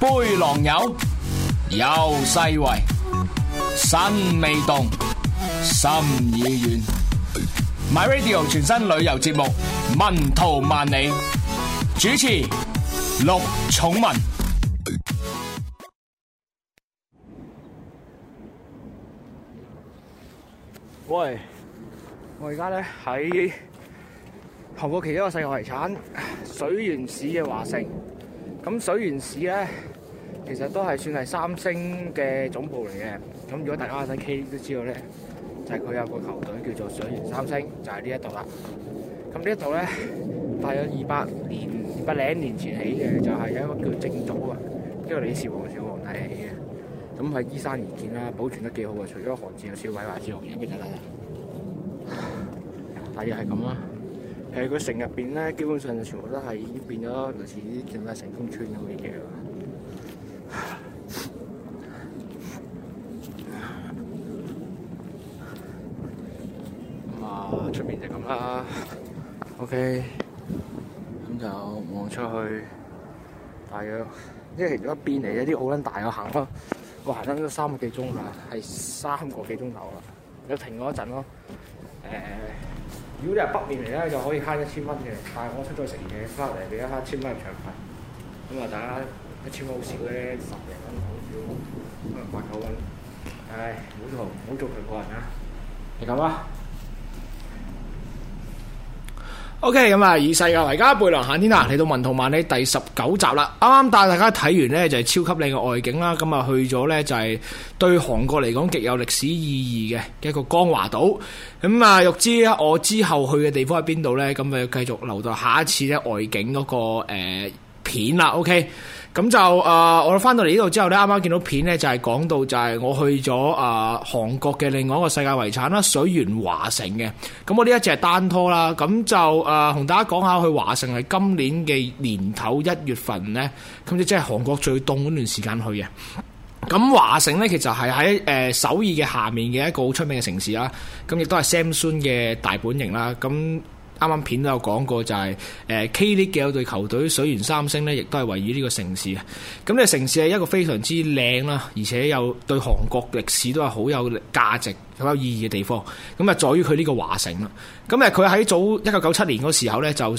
背狼友，有世味，身未動，心已遠。My Radio 全新旅遊節目《文圖萬里》，主持陸寵文。喂，我而家咧喺韓國其中一個世界遺產——水原市嘅華城。咁水原市咧，其實都係算係三星嘅總部嚟嘅。咁如果大家睇 K, K 都知道咧，就係、是、佢有個球隊叫做水原三星，就係、是、呢一度啦。咁呢一度咧，大約二百年不零年前起嘅，就係、是、一個叫正祖，啊，一個李氏王朝皇帝起嘅。咁係依山而建啦，保存得幾好啊！除咗寒戰有少少鬼話之外，影一影就得啦。大約係咁啦。誒個、呃、城入邊咧，基本上全部都係已經變咗類似啲近代城中村咁嘅嘢咁啊，出面就咁啦。OK，咁就望出去，大約因為其中一邊嚟，一啲好撚大嘅行咯。我行山都三個幾鐘啦，係三個幾鐘頭啦，有停咗一陣咯。誒、呃。如果你係北面嚟咧，就可以慳一千蚊嘅，但係我出咗成嘢翻嚟，俾一千蚊嘅場費，咁啊大家一千蚊好少咧，十零蚊好少，可能八九蚊。唉，唔好做唔好做佢個人啊，你咁啊？O K，咁啊，okay，以世界為家，背囊行天下，嚟到文圖萬里第十九集啦。啱啱帶大家睇完呢，就係超級靚嘅外景啦。咁啊，去咗呢，就係對韓國嚟講極有歷史意義嘅一個江華島。咁、嗯、啊，欲知我之後去嘅地方喺邊度呢？咁咪繼續留待下一次咧外景嗰、那個、呃、片啦。O K。咁就誒，我哋翻到嚟呢度之後咧，啱啱見到片咧，就係講到就係我去咗誒韓國嘅另外一個世界遺產啦，水原華城嘅。咁我呢一隻係單拖啦。咁就誒，同大家講下去華城係今年嘅年頭一月份咧，咁即係韓國最凍嗰段時間去嘅。咁華城咧，其實係喺誒首爾嘅下面嘅一個好出名嘅城市啦。咁亦都係 Samsung 嘅大本營啦。咁。啱啱片都有講過，就是，就係誒 K 聯嘅有隊球隊水原三星咧，亦都係位於呢個城市咁呢，嗯這個城市係一個非常之靚啦，而且又對韓國歷史都係好有價值，好有意義嘅地方。咁、嗯、啊，於嗯、在於佢呢個華城啦。咁啊，佢喺早一九九七年嗰時候咧就。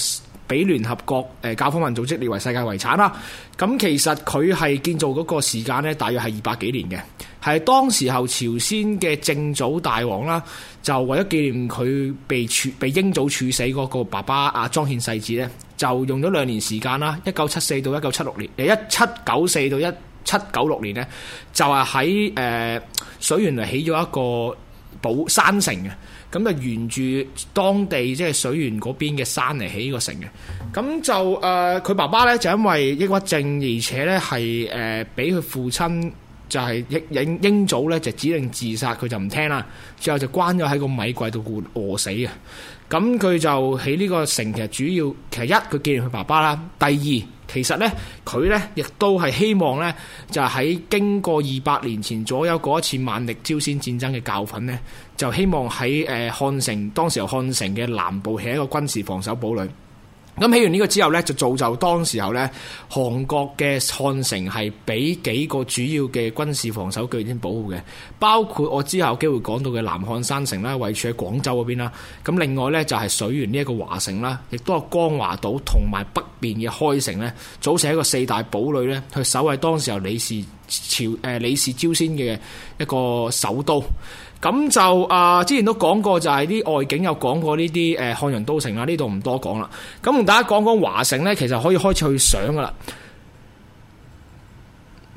俾聯合國誒教科文組織列為世界遺產啦，咁其實佢係建造嗰個時間咧，大約係二百幾年嘅，係當時候朝鮮嘅正祖大王啦，就為咗紀念佢被處被英祖處死嗰個爸爸阿、啊、莊獻世子呢，就用咗兩年時間啦，一九七四到一九七六年，一七九四到一七九六年呢，就係喺誒水原嚟起咗一個寶山城嘅。咁就沿住當地即係水原嗰邊嘅山嚟起呢個城嘅，咁就誒佢、呃、爸爸咧就因為抑鬱症，而且咧係誒俾佢父親。就係英英英祖咧，就指令自殺，佢就唔聽啦。之後就關咗喺個米櫃度餓死嘅。咁佢就喺呢個城其實主要其實一佢紀念佢爸爸啦。第二其實咧佢咧亦都係希望咧就喺、是、經過二百年前左右嗰一次萬曆朝鮮戰爭嘅教訓咧，就希望喺誒漢城當時由漢城嘅南部起一個軍事防守堡壘。咁起完呢個之後呢，就造就當時候呢韓國嘅漢城係俾幾個主要嘅軍事防守據點保護嘅，包括我之後有機會講到嘅南漢山城啦，位處喺廣州嗰邊啦。咁另外呢，就係水原呢一個華城啦，亦都係江華島同埋北邊嘅開城呢，組成一個四大堡壘呢去守衛當時候李氏。朝誒、呃、李氏朝鮮嘅一個首都，咁就啊、呃、之前都講過，就係啲外景有講過呢啲誒漢陽都城啊，呢度唔多講啦。咁同大家講講華城呢，其實可以開始去想噶啦。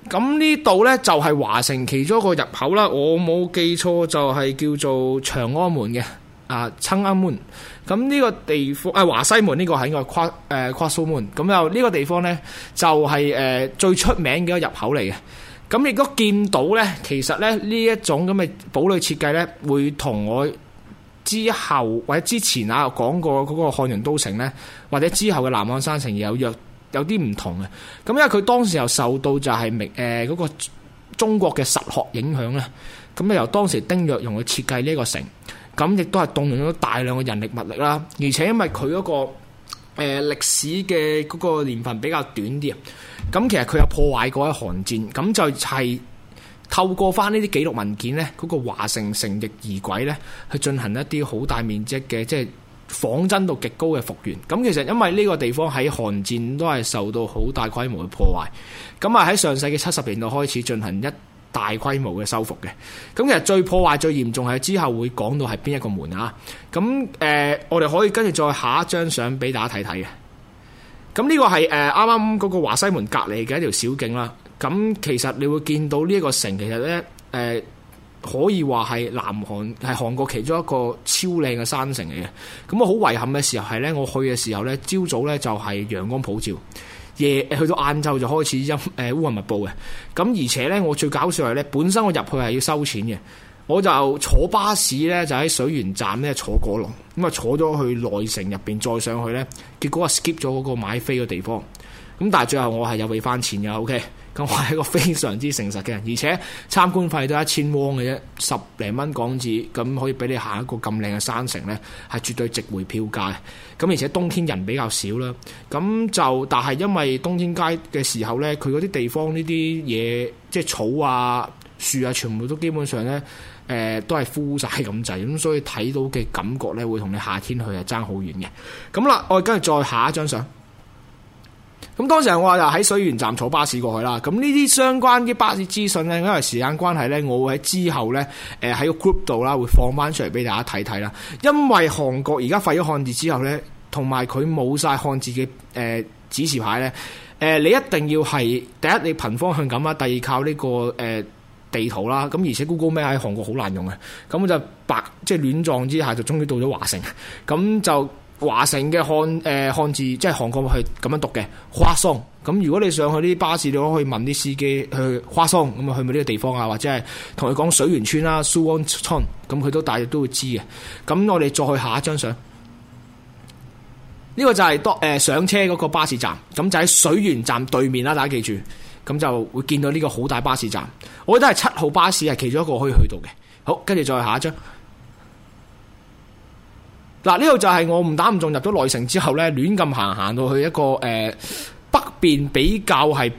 咁呢度呢，就係、是、華城其中一個入口啦，我冇記錯就係、是、叫做長安門嘅啊，親、呃、安門。咁呢個地方啊、呃、華西門呢個係一個跨誒跨數門。咁又呢個地方呢，就係、是、誒、呃、最出名嘅一個入口嚟嘅。咁你如果見到呢，其實呢，呢一種咁嘅堡壘設計呢，會同我之後或者之前啊講過嗰個漢陽都城呢，或者之後嘅南漢山城有若有啲唔同啊。咁因為佢當時又受到就係明誒嗰個中國嘅實學影響呢，咁啊由當時丁若鏞去設計呢一個城，咁亦都係動用咗大量嘅人力物力啦。而且因為佢嗰、嗰個誒、呃、歷史嘅嗰個年份比較短啲啊。咁其實佢有破壞過一韓戰，咁就係透過返呢啲紀錄文件呢嗰、那個華城城役儀軌呢去進行一啲好大面積嘅即係仿真度極高嘅復原。咁其實因為呢個地方喺韓戰都係受到好大規模嘅破壞，咁啊喺上世紀七十年代開始進行一大規模嘅修復嘅。咁其實最破壞最嚴重係之後會講到係邊一個門啊？咁誒、呃，我哋可以跟住再下一張相俾大家睇睇嘅。咁呢個係誒啱啱嗰個華西門隔離嘅一條小徑啦。咁其實你會見到呢一個城，其實呢誒、呃、可以話係南韓係韓國其中一個超靚嘅山城嚟嘅。咁我好遺憾嘅時候係呢，我去嘅時候呢，朝早呢就係陽光普照，夜、呃、去到晏晝就開始陰誒烏雲密布嘅。咁、呃、而且呢，我最搞笑係呢，本身我入去係要收錢嘅。我就坐巴士咧，就喺水原站咧坐過龍，咁啊坐咗去內城入邊再上去咧，結果啊 skip 咗嗰個買飛嘅地方，咁但係最後我係有俾翻錢嘅，OK，咁我係一個非常之誠實嘅人，而且參觀費都一千蚊嘅啫，十零蚊港紙咁可以俾你行一個咁靚嘅山城咧，係絕對值回票價，咁而且冬天人比較少啦，咁就但係因為冬天街嘅時候咧，佢嗰啲地方呢啲嘢，即係草啊樹啊，全部都基本上咧。誒、呃，都係枯晒咁滯，咁所以睇到嘅感覺咧，會同你夏天去係爭好遠嘅。咁啦，我哋跟住再下一張相。咁當時我話就喺水原站坐巴士過去啦。咁呢啲相關啲巴士資訊咧，因為時間關係咧，我會喺之後咧，誒、呃、喺個 group 度啦，會放翻出嚟俾大家睇睇啦。因為韓國而家廢咗漢字之後咧，同埋佢冇晒漢字嘅誒、呃、指示牌咧，誒、呃、你一定要係第一你憑方向感啊，第二靠呢、這個誒。呃地圖啦，咁而且 Google Map 喺韓國好難用嘅，咁我就白即係亂撞之下，就終於到咗華城。咁就華城嘅漢誒漢字，即係韓國去咁樣讀嘅花松。咁如果你上去啲巴士，你可以問啲司機去花松，咁啊去唔去呢個地方啊？或者係同佢講水源村啦，Suwon Town，咁佢都大約都會知嘅。咁我哋再去下一張相。呢、這個就係當誒上車嗰個巴士站，咁就喺水源站對面啦，大家記住。咁就會見到呢個好大巴士站，我覺得係七號巴士係其中一個可以去到嘅。好，跟住再下一張。嗱，呢度就係我唔打唔中入咗內城之後呢，亂咁行行到去一個誒、呃、北邊比較係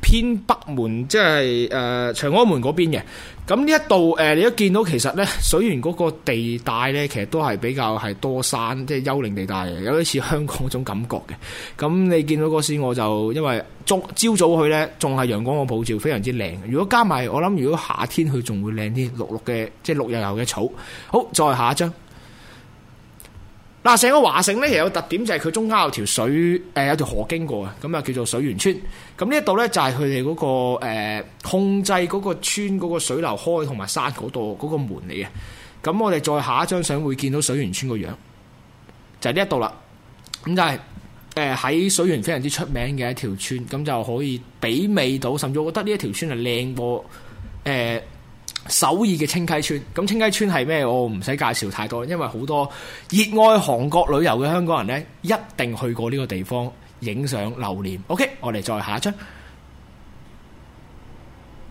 偏北門，即係誒長安門嗰邊嘅。咁呢一度，誒、呃、你一見到其實呢水原嗰個地帶呢，其實都係比較係多山，即係丘陵地帶嘅，有啲似香港嗰種感覺嘅。咁你見到嗰時我就因為早朝早去呢，仲係陽光個普照，非常之靚。如果加埋我諗，如果夏天去仲會靚啲，綠綠嘅即係綠油油嘅草。好，再下一張。嗱，成個華城咧，亦有特點就係佢中間有條水，誒、呃、有條河經過嘅，咁啊叫做水原村。咁呢一度咧就係佢哋嗰個、呃、控制嗰個村嗰個水流開同埋山嗰度嗰個門嚟嘅。咁我哋再下一張相會見到水原村個樣，就係呢一度啦。咁就係誒喺水原非常之出名嘅一條村，咁就可以比美到，甚至我覺得呢一條村係靚過誒。呃首爾嘅清溪村，咁清溪村係咩？我唔使介紹太多，因為好多熱愛韓國旅遊嘅香港人咧，一定去過呢個地方影相留念。OK，我哋再下一張。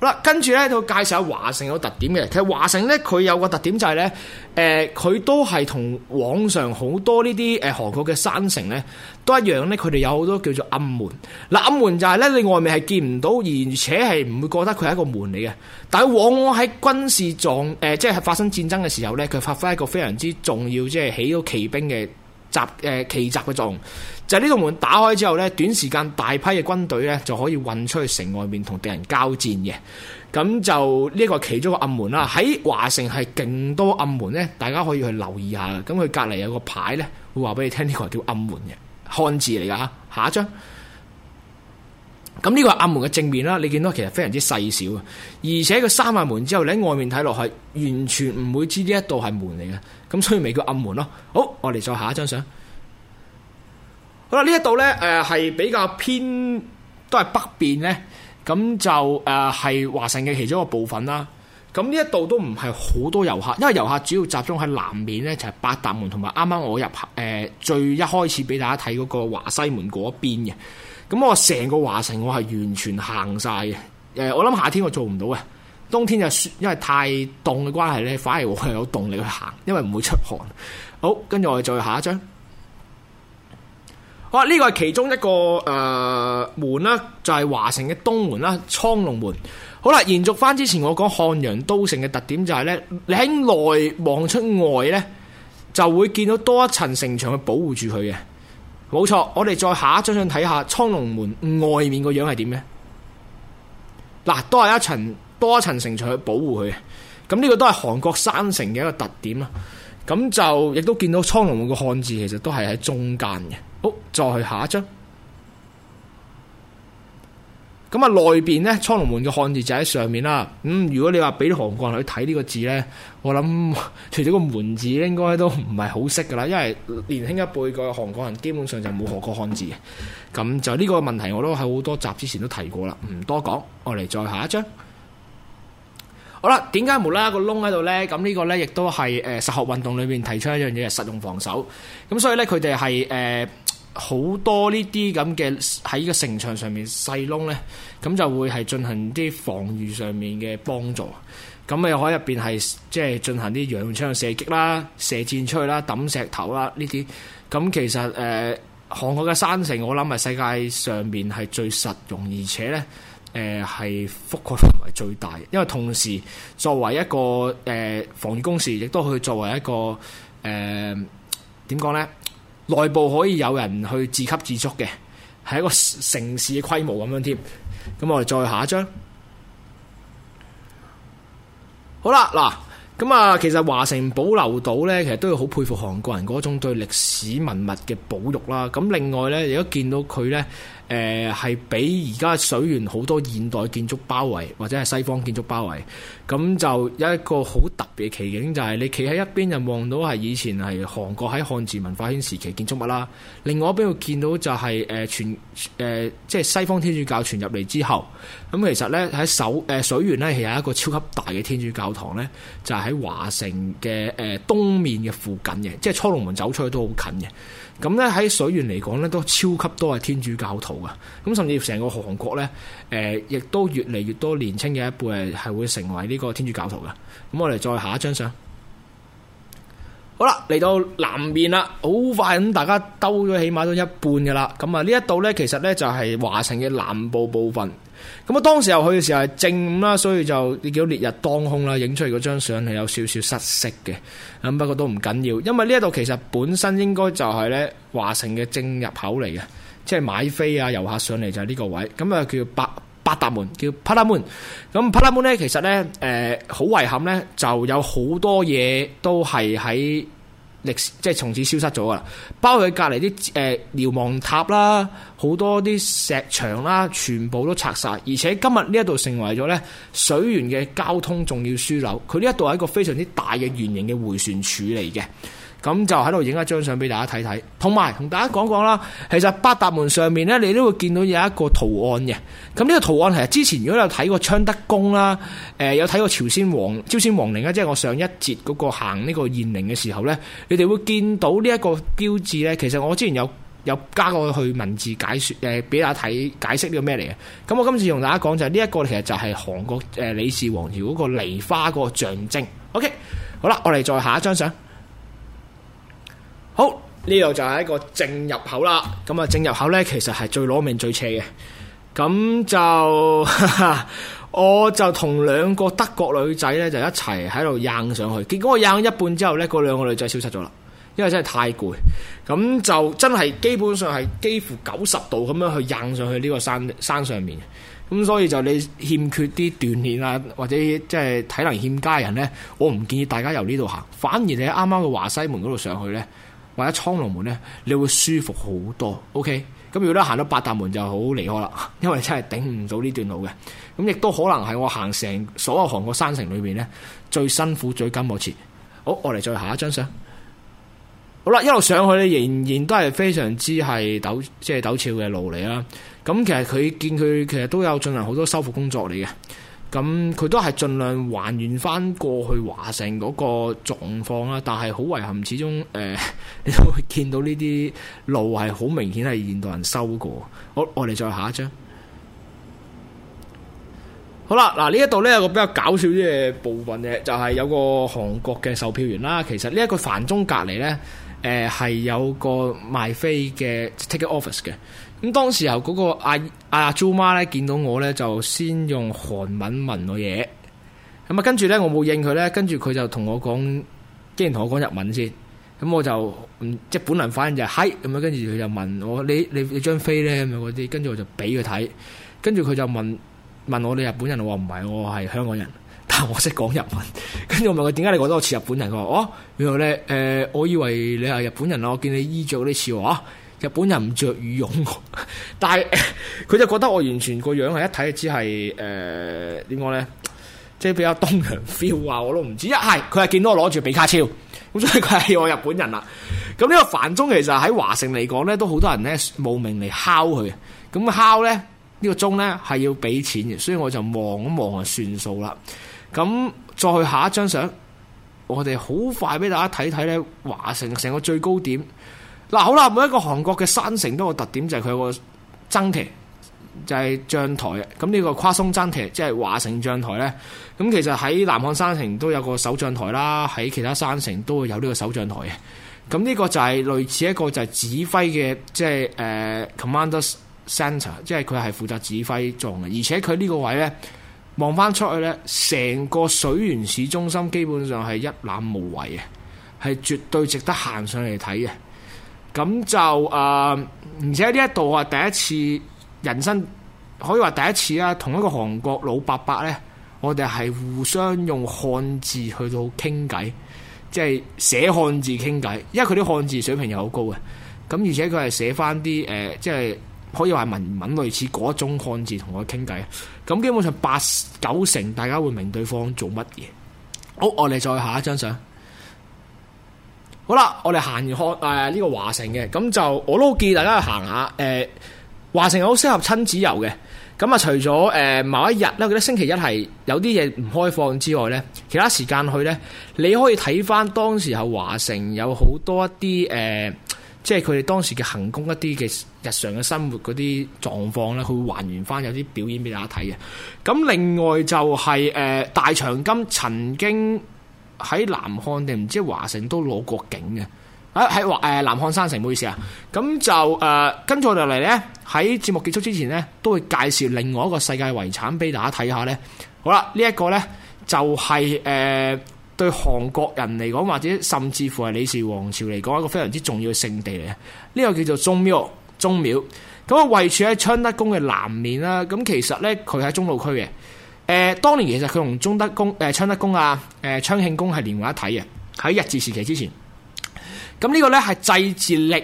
嗱，跟住咧就介紹下華城有個特點嘅。其實華城咧，佢有個特點就係、是、咧，誒、呃，佢都係同往常好多呢啲誒韓國嘅山城咧，都一樣咧，佢哋有好多叫做暗門。嗱、呃，暗門就係咧，你外面係見唔到，而且係唔會覺得佢係一個門嚟嘅。但係往往喺軍事狀誒、呃，即係發生戰爭嘅時候咧，佢發揮一個非常之重要，即係起到奇兵嘅。集誒奇襲嘅作用，就係呢道門打開之後咧，短時間大批嘅軍隊咧就可以運出去城外面同敵人交戰嘅。咁就呢一個其中一個暗門啦，喺華城係勁多暗門呢，大家可以去留意下。咁佢隔離有個牌呢，會話俾你聽呢個叫暗門嘅漢字嚟噶嚇，下一張。咁呢個係暗門嘅正面啦，你見到其實非常之細小啊，而且佢閂埋門之後，你喺外面睇落去，完全唔會知呢一度係門嚟嘅，咁所以咪叫暗門咯。好，我哋再下一張相。好啦，呢一度呢誒係比較偏都係北邊呢。咁就誒係華城嘅其中一個部分啦。咁呢一度都唔係好多遊客，因為遊客主要集中喺南面呢，就係、是、八達門同埋啱啱我入誒、呃、最一開始俾大家睇嗰個華西門嗰邊嘅。咁我成個華城我係完全行晒嘅，誒、呃，我諗夏天我做唔到嘅，冬天就雪，因為太凍嘅關係呢，反而我係有動力去行，因為唔會出汗。好，跟住我哋再下一張。好啦，呢、這個係其中一個誒、呃、門啦，就係、是、華城嘅東門啦，蒼龍門。好啦，延續翻之前我講漢陽都城嘅特點，就係、是、呢：你喺內望出外呢，就會見到多一層城牆去保護住佢嘅。冇錯，我哋再下一張相睇下蒼龍門外面個樣係點呢？嗱，都係一層多一層城牆去保護佢嘅，咁呢個都係韓國山城嘅一個特點啊。咁就亦都見到蒼龍門個漢字其實都係喺中間嘅。好，再去下一張。咁啊，內邊呢，蒼龍門嘅漢字就喺上面啦。咁如果你話俾啲韓國人去睇呢個字呢，我諗除咗個門字，應該都唔係好識噶啦。因為年輕一輩嘅韓國人基本上就冇學過漢字。咁就呢個問題，我都喺好多集之前都提過啦，唔多講。我嚟，再下一張。好啦，點解無啦啦個窿喺度呢？咁呢個呢，亦都係，誒，實學運動裏面提出一樣嘢，實用防守。咁所以呢，佢哋係，誒。呃好多呢啲咁嘅喺個城牆上面細窿呢，咁就會係進行啲防御上面嘅幫助。咁你可以入邊係即係進行啲洋槍射擊啦、射箭出去啦、抌石頭啦呢啲。咁其實誒，韓國嘅山城我諗係世界上面係最實用，而且呢誒係、呃、覆蓋範圍最大嘅。因為同時作為一個誒、呃、防禦工事，亦都去作為一個誒點講咧？呃內部可以有人去自給自足嘅，係一個城市嘅規模咁樣添。咁我哋再下一張。好啦，嗱。咁啊，其實華城保留島咧，其實都要好佩服韓國人嗰種對歷史文物嘅保育啦。咁另外咧，如果見到佢咧，誒、呃、係比而家水原好多現代建築包圍或者係西方建築包圍，咁就有一個好特別嘅奇景，就係、是、你企喺一邊就望到係以前係韓國喺漢字文化圈時期建築物啦。另外一邊會見到就係、是、誒、呃、全誒即係西方天主教傳入嚟之後，咁其實咧喺首誒、呃、水原咧係有一個超級大嘅天主教堂咧，就係、是。喺華城嘅誒、呃、東面嘅附近嘅，即係初龍門走出去都好近嘅。咁、嗯、呢，喺水源嚟講呢都超級多係天主教徒嘅。咁、嗯、甚至成個韓國呢，誒、呃、亦都越嚟越多年青嘅一輩係會成為呢個天主教徒嘅。咁、嗯、我哋再下一張相。好啦，嚟到南面啦，好快咁大家兜咗起碼都一半噶啦。咁啊呢一度呢，其實呢就係、是、華城嘅南部部分。咁我當時又去嘅時候係正午啦，所以就你叫烈日當空啦，影出嚟嗰張相係有少少失色嘅，咁不過都唔緊要，因為呢一度其實本身應該就係咧華城嘅正入口嚟嘅，即係買飛啊遊客上嚟就係呢個位，咁啊叫八八達門叫帕拉門，咁帕拉門咧其實咧誒好遺憾咧就有好多嘢都係喺。即係從此消失咗啦，包括隔離啲誒瞭望塔啦，好多啲石牆啦，全部都拆晒。而且今日呢一度成為咗呢水原嘅交通重要樞紐，佢呢一度係一個非常之大嘅圓形嘅迴旋處嚟嘅。咁就喺度影一張相俾大家睇睇，同埋同大家講講啦。其實八達門上面呢，你都會見到有一個圖案嘅。咁呢個圖案其實之前如果有睇過昌德宮啦，誒、呃、有睇過朝鮮王朝鮮王陵啦，即係我上一節嗰個行呢個燕陵嘅時候呢，你哋會見到呢一個標誌呢。其實我之前有有加過去文字解說，誒、呃、俾大家睇解釋呢個咩嚟嘅。咁我今次同大家講就係呢一個其實就係韓國誒、呃、李氏王朝嗰個梨花嗰個象徵。OK，好啦，我哋再下一張相。好，呢度就係一個正入口啦，咁啊正入口呢，其實係最攞命最斜嘅，咁就 我就同兩個德國女仔呢，就一齊喺度掟上去，結果我掟一半之後呢，嗰兩個女仔消失咗啦，因為真係太攰，咁就真係基本上係幾乎九十度咁樣去掟上去呢個山山上面，咁所以就你欠缺啲鍛煉啊，或者即係體能欠佳人呢，我唔建議大家由呢度行，反而你啱啱嘅華西門嗰度上去呢。或者蒼龍門呢，你會舒服好多。OK，咁如果咧行到八達門就好離開啦，因為真係頂唔到呢段路嘅。咁亦都可能係我行成所有韓國山城裡面呢最辛苦最筋磨切。好，我嚟再下一張相。好啦，一路上去咧，仍然都係非常之係陡，即係陡峭嘅路嚟啦。咁其實佢見佢其實都有進行好多修復工作嚟嘅。咁佢都係盡量還原翻過去華城嗰個狀況啦，但係好遺憾，始終誒、呃、你都會見到呢啲路係好明顯係現代人修過。好，我哋再下一張。好啦，嗱呢一度呢，有個比較搞笑啲嘅部分嘅，就係、是、有個韓國嘅售票員啦。其實呢一個繁中隔離呢，誒、呃、係有個賣飛嘅 ticket office 嘅。咁當時候嗰個阿阿祖媽咧見到我咧就先用韓文問我嘢，咁啊跟住咧我冇應佢咧，跟住佢就同我講，即係同我講日文先，咁我就嗯，即係本能反應就係嗨。咁啊跟住佢就問我你你你張飛咧，咁啊嗰啲，跟住我就俾佢睇，跟住佢就問問我你日本人？我唔係，我係香港人，但係我識講日文，跟住我問佢點解你覺得我似日本人？佢話，哦，然後咧誒、呃、我以為你係日本人啊，我見你衣着都似喎。啊日本人唔着羽絨， 但係是佢 就覺得我完全個樣係一睇只係誒點講咧，即係比較東洋 feel 啊，我都唔知。一係佢係見到我攞住比卡超，咁所以佢係我日本人啦。咁呢個繁鐘其實喺華城嚟講咧，都好多人咧慕名嚟敲佢。咁敲咧呢、這個鐘咧係要俾錢嘅，所以我就望一望啊算數啦。咁再去下一張相，我哋好快俾大家睇睇咧，華城成個最高點。嗱好啦，每一個韓國嘅山城都有個特點，就係、是、佢有個爭堤，就係、是、將台啊！咁、這、呢個跨松爭堤，即係華城將台呢。咁其實喺南漢山城都有個守將台啦，喺其他山城都會有呢個守將台嘅。咁、這、呢個就係類似一個就係指揮嘅，即係誒、呃、Commander Center，即係佢係負責指揮裝嘅。而且佢呢個位呢，望翻出去呢，成個水原市中心基本上係一覽無遺嘅，係絕對值得行上嚟睇嘅。咁就誒、呃，而且呢一度話第一次人生可以話第一次啦，同一個韓國老伯伯呢，我哋係互相用漢字去到傾偈，即係寫漢字傾偈，因為佢啲漢字水平又好高嘅。咁而且佢係寫返啲誒，即係可以話文文類似嗰種漢字同我傾偈。咁基本上八九成大家會明對方做乜嘢。好，我哋再下一張相。好啦，我哋行完看誒呢個華城嘅，咁就我都建議大家去行下。誒、呃，華城好適合親子遊嘅。咁啊，除咗誒某一日咧，我覺得星期一係有啲嘢唔開放之外咧，其他時間去咧，你可以睇翻當時候華城有好多一啲誒、呃，即係佢哋當時嘅行宮一啲嘅日常嘅生活嗰啲狀況咧，佢會還原翻有啲表演俾大家睇嘅。咁另外就係、是、誒、呃、大長今曾經。喺南漢定唔知華城都攞過景嘅，喺華南漢山城，唔好意思啊，咁就誒跟住落嚟呢，喺節目結束之前呢，都會介紹另外一個世界遺產俾大家睇下呢。好啦，呢、這、一個呢，就係、是、誒、呃、對韓國人嚟講，或者甚至乎係李氏王朝嚟講，一個非常之重要嘅聖地嚟。呢個叫做宗廟，宗廟咁啊，位處喺昌德宮嘅南面啦。咁其實呢，佢喺中路區嘅。誒、呃，當年其實佢同忠德公、誒、呃、昌德宮啊、誒、呃、昌慶宮係連埋一體嘅，喺日治時期之前。咁、嗯這個、呢個咧係祭祀歷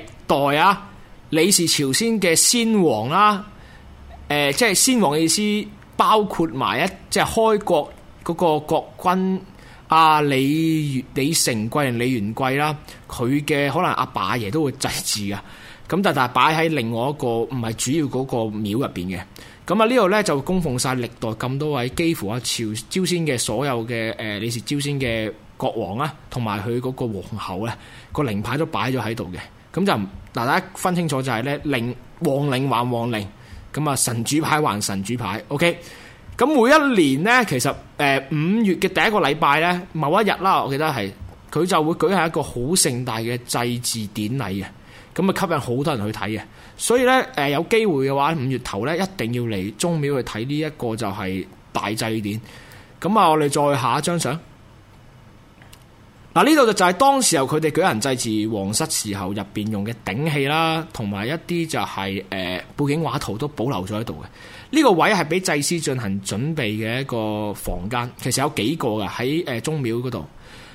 代啊，李氏朝鮮嘅先王啦、啊。誒、呃，即係先王嘅意思，包括埋一即係開國嗰個國君啊，李李成桂、李元桂啦、啊，佢嘅可能阿爸阿爺都會祭祀噶。咁但係擺喺另外一個唔係主要嗰個廟入邊嘅。咁啊，呢度咧就供奉晒歷代咁多位，幾乎阿朝朝鮮嘅所有嘅誒，李、呃、氏朝鮮嘅國王啊，同埋佢嗰個皇后咧，個靈牌都擺咗喺度嘅。咁就大家分清楚就係、是、咧，靈王靈還王靈，咁啊神主牌還神主牌。OK，咁每一年呢，其實誒五、呃、月嘅第一個禮拜咧，某一日啦，我記得係佢就會舉行一個好盛大嘅祭祀典禮啊。咁啊，吸引好多人去睇嘅，所以呢，誒、呃，有機會嘅話，五月頭咧，一定要嚟宗廟去睇呢一個就係大祭典。咁啊，我哋再下一張相。嗱、啊，呢度就就係當時候佢哋舉行祭祀皇室時候入邊用嘅頂器啦，同埋一啲就係誒背景畫圖都保留咗喺度嘅。呢、這個位係俾祭司進行準備嘅一個房間，其實有幾個嘅喺誒宗廟嗰度。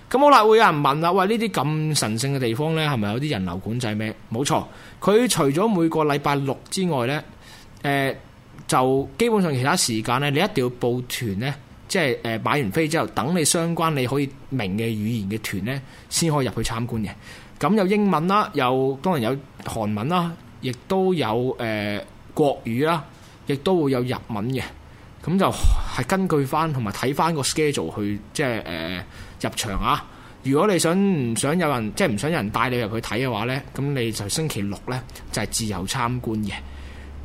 咁好啦，會有人問啦，喂，呢啲咁神聖嘅地方呢，係咪有啲人流管制咩？冇錯，佢除咗每個禮拜六之外呢，誒、呃、就基本上其他時間呢，你一定要報團呢，即係誒買完飛之後，等你相關你可以明嘅語言嘅團呢，先可以入去參觀嘅。咁有英文啦，又當然有韓文啦，亦都有誒、呃、國語啦，亦都會有日文嘅。咁就係根據翻同埋睇翻個 schedule 去即係誒、呃、入場啊。如果你想唔想有人即係唔想有人帶你入去睇嘅話呢，咁你就星期六呢，就係、是、自由參觀嘅。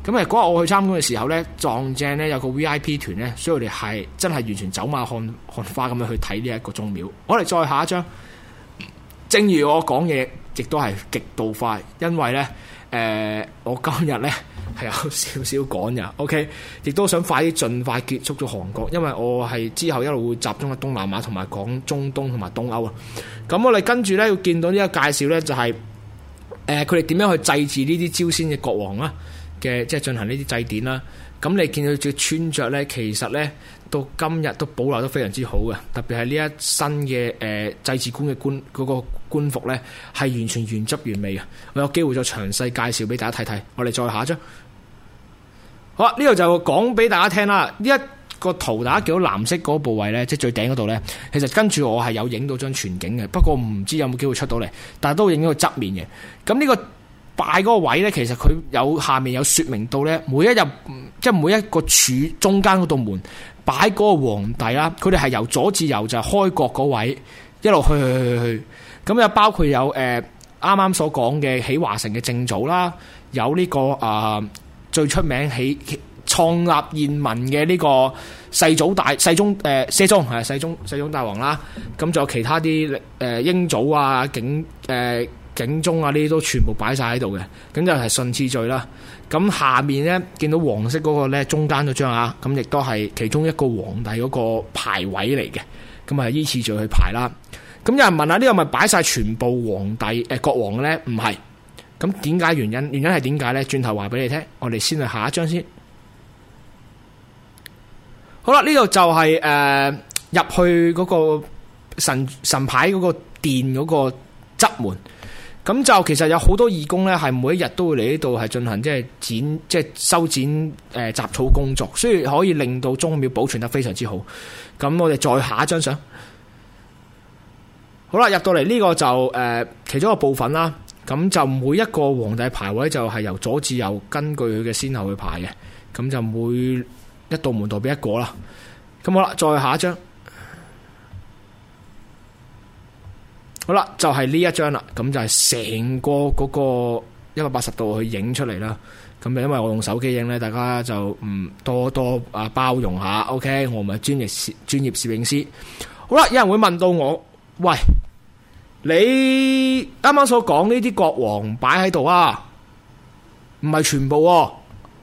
咁誒嗰日我去參觀嘅時候呢，撞正呢有個 VIP 團呢，所以我哋係真係完全走馬看看花咁樣去睇呢一個宗廟。我哋再下一張，正如我講嘢，亦都係極度快，因為呢。誒、呃，我今日呢，係有少少趕嘅，OK，亦都想快啲盡快結束咗韓國，因為我係之後一路會集中喺東南亞同埋講中東同埋東歐啊。咁我哋跟住呢，要見到呢個介紹呢，就係佢哋點樣去祭祀呢啲朝鮮嘅國王啊。嘅，即係進行呢啲祭典啦，咁你見到着穿着呢，其實呢，到今日都保留得非常之好嘅，特別係呢一身嘅誒、呃、祭祀官嘅官、嗰個官服呢，係完全原汁原味嘅。我有機會再詳細介紹俾大家睇睇，我哋再下張。好啦，呢度就講俾大家聽啦。呢一個圖，大家見到藍色嗰部位呢，即係最頂嗰度呢。其實跟住我係有影到張全景嘅，不過唔知有冇機會出到嚟，但係都影到個側面嘅。咁呢、個。擺嗰個位呢，其實佢有下面有說明到呢，每一入，即係每一個柱中間嗰道門擺嗰個皇帝啦，佢哋係由左至右就係、是、開國嗰位一路去去去去去，咁又包括有誒啱啱所講嘅起華城嘅正祖啦，有呢、這個啊、呃、最出名起創立諺文嘅呢個世祖大世宗誒，世、呃、宗係世宗，世宗大王啦，咁仲有其他啲誒、呃、英祖啊、景誒。呃警鐘啊，呢啲都全部擺晒喺度嘅，咁就係順次序啦。咁下面呢，見到黃色嗰個呢，中間嗰張啊，咁亦都係其中一個皇帝嗰個牌位嚟嘅，咁啊依次序去排啦。咁有人問下，呢個咪擺晒全部皇帝誒、呃、國王嘅咧？唔係。咁點解原因？原因係點解呢？轉頭話俾你聽，我哋先去下一張先。好啦，呢度就係誒入去嗰個神神牌嗰個殿嗰個側門。咁就其實有好多義工呢，係每一日都會嚟，呢度係進行即係剪即係修剪誒、就是雜草工作，所以可以令到宗廟保存得非常之好。咁我哋再下一張相，好啦，入到嚟呢個就誒、呃、其中一個部分啦。咁就每一個皇帝牌位就係由左至右根據佢嘅先後去排嘅。咁就每一道門代表一個啦。咁好啦，再下一張。好啦，就係、是，呢一張啦，咁就係成個嗰個一百八十度去影出嚟啦。咁因為我用手機影呢，大家就唔多多啊包容下。OK，我唔係專業攝專業攝影師。好啦，有人會問到我，喂，你啱啱所講呢啲國王擺喺度啊，唔係全部、哦，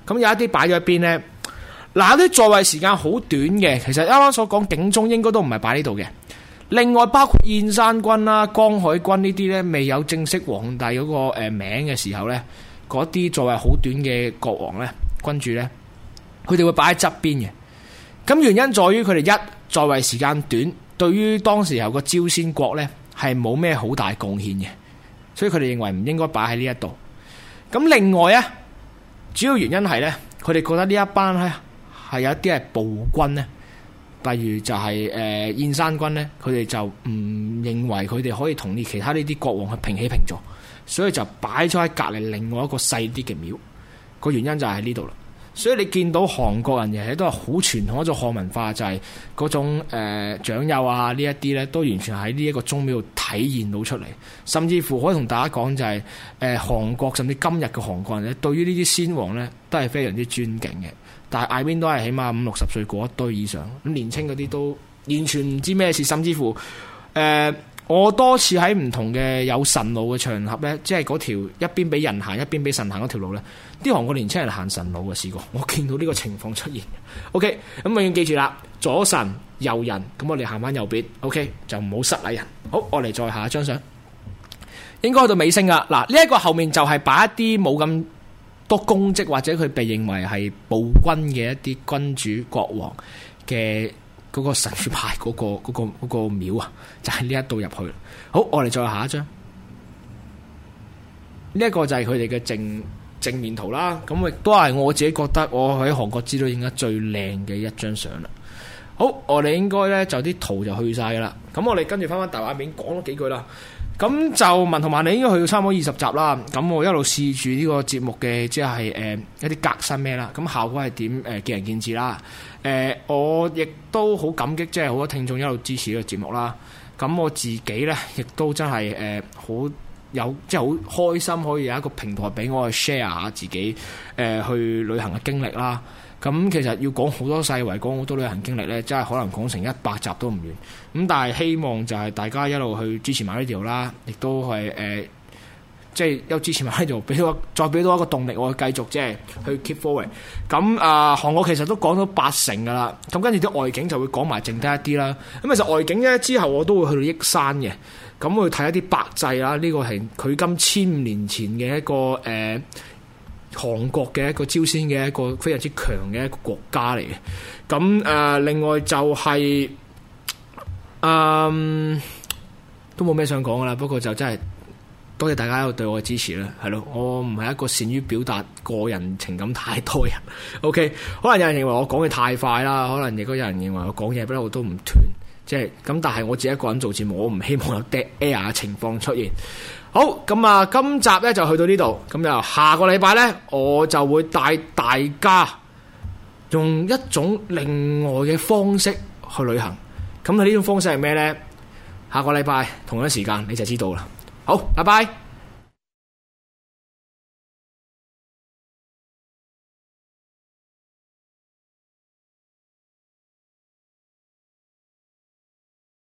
咁有一啲擺咗邊呢？嗱，啲在位時間好短嘅，其實啱啱所講景宗應該都唔係擺呢度嘅。另外包括燕山君啦、光海君呢啲咧，未有正式皇帝嗰個誒名嘅時候呢，嗰啲在位好短嘅國王呢、君主呢，佢哋會擺喺側邊嘅。咁原因在於佢哋一在位時間短，對於當時候個朝鮮國呢係冇咩好大貢獻嘅，所以佢哋認為唔應該擺喺呢一度。咁另外啊，主要原因係呢，佢哋覺得呢一班係係有啲係暴君呢。例如就係、是、誒、呃、燕山君咧，佢哋就唔認為佢哋可以同呢其他呢啲國王去平起平坐，所以就擺咗喺隔離另外一個細啲嘅廟。個原因就係喺呢度啦。所以你見到韓國人亦係都係好傳統一種漢文化，就係、是、嗰種誒、呃、長幼啊一呢一啲咧，都完全喺呢一個宗廟度體現到出嚟。甚至乎可以同大家講就係、是、誒、呃、韓國甚至今日嘅韓國人咧，對於呢啲先王咧都係非常之尊敬嘅。但係 I 邊都係起碼五六十歲過一堆以上，咁年青嗰啲都完全唔知咩事，甚至乎誒、呃，我多次喺唔同嘅有神路嘅場合呢，即係嗰條一邊俾人行，一邊俾神行嗰條路呢。啲韓國年青人行神路嘅，試過我見到呢個情況出現。OK，咁永遠記住啦，左神右人，咁我哋行翻右邊。OK，就唔好失禮人。好，我哋再下一張相，應該去到尾聲啦。嗱，呢一個後面就係把一啲冇咁。多功績或者佢被認為係暴君嘅一啲君主國王嘅嗰個神主牌嗰，嗰個嗰，嗰個嗰，嗰個廟啊，就喺呢一度入去。好，我哋再下一張。呢一個就係佢哋嘅正正面圖啦。咁、嗯、亦都係我自己覺得我喺韓國知道應該最靚嘅一張相啦。好，我哋應該呢，就啲圖就去晒㗎啦。咁、嗯、我哋跟住返返大畫面講咗幾句啦。咁就文圖萬里，你應該去到差唔多二十集啦。咁我一路試住呢個節目嘅、就是，即係誒一啲革新咩啦。咁效果係點？誒、呃、見仁見智啦。誒、呃、我亦都好感激，即係好多聽眾一路支持呢個節目啦。咁我自己呢，亦都真係誒好有，即係好開心，可以有一個平台俾我去 share 下自己誒、呃、去旅行嘅經歷啦。咁其實要講好多世圍，講好多旅行經歷呢，真係可能講成一百集都唔完。咁但係希望就係大家一路去支持埋呢條啦，亦都係誒，即係又支持埋呢條，俾到再俾多一個動力，我會繼續即係去 keep forward。咁、嗯、啊、呃，韓國其實都講到八成噶啦，咁跟住啲外景就會講埋剩低一啲啦。咁其實外景呢，之後我都會去到益山嘅，咁去睇一啲百濟啦。呢、這個係距今千年前嘅一個誒。呃韓國嘅一個朝鮮嘅一個非常之強嘅一個國家嚟嘅，咁誒、呃，另外就係、是、誒、呃，都冇咩想講噶啦，不過就真係多謝大家一個對我嘅支持啦，係咯，我唔係一個善於表達個人情感太多人，OK，可能有人認為我講嘢太快啦，可能亦都有人認為我講嘢不嬲我都唔斷，即係咁，但係我自己一個人做節目，我唔希望有 dead air 情況出現。好咁啊！今集咧就去到呢度，咁就下個禮拜咧，我就會帶大家用一種另外嘅方式去旅行。咁啊，呢種方式係咩咧？下個禮拜同樣時間你就知道啦。好，拜拜。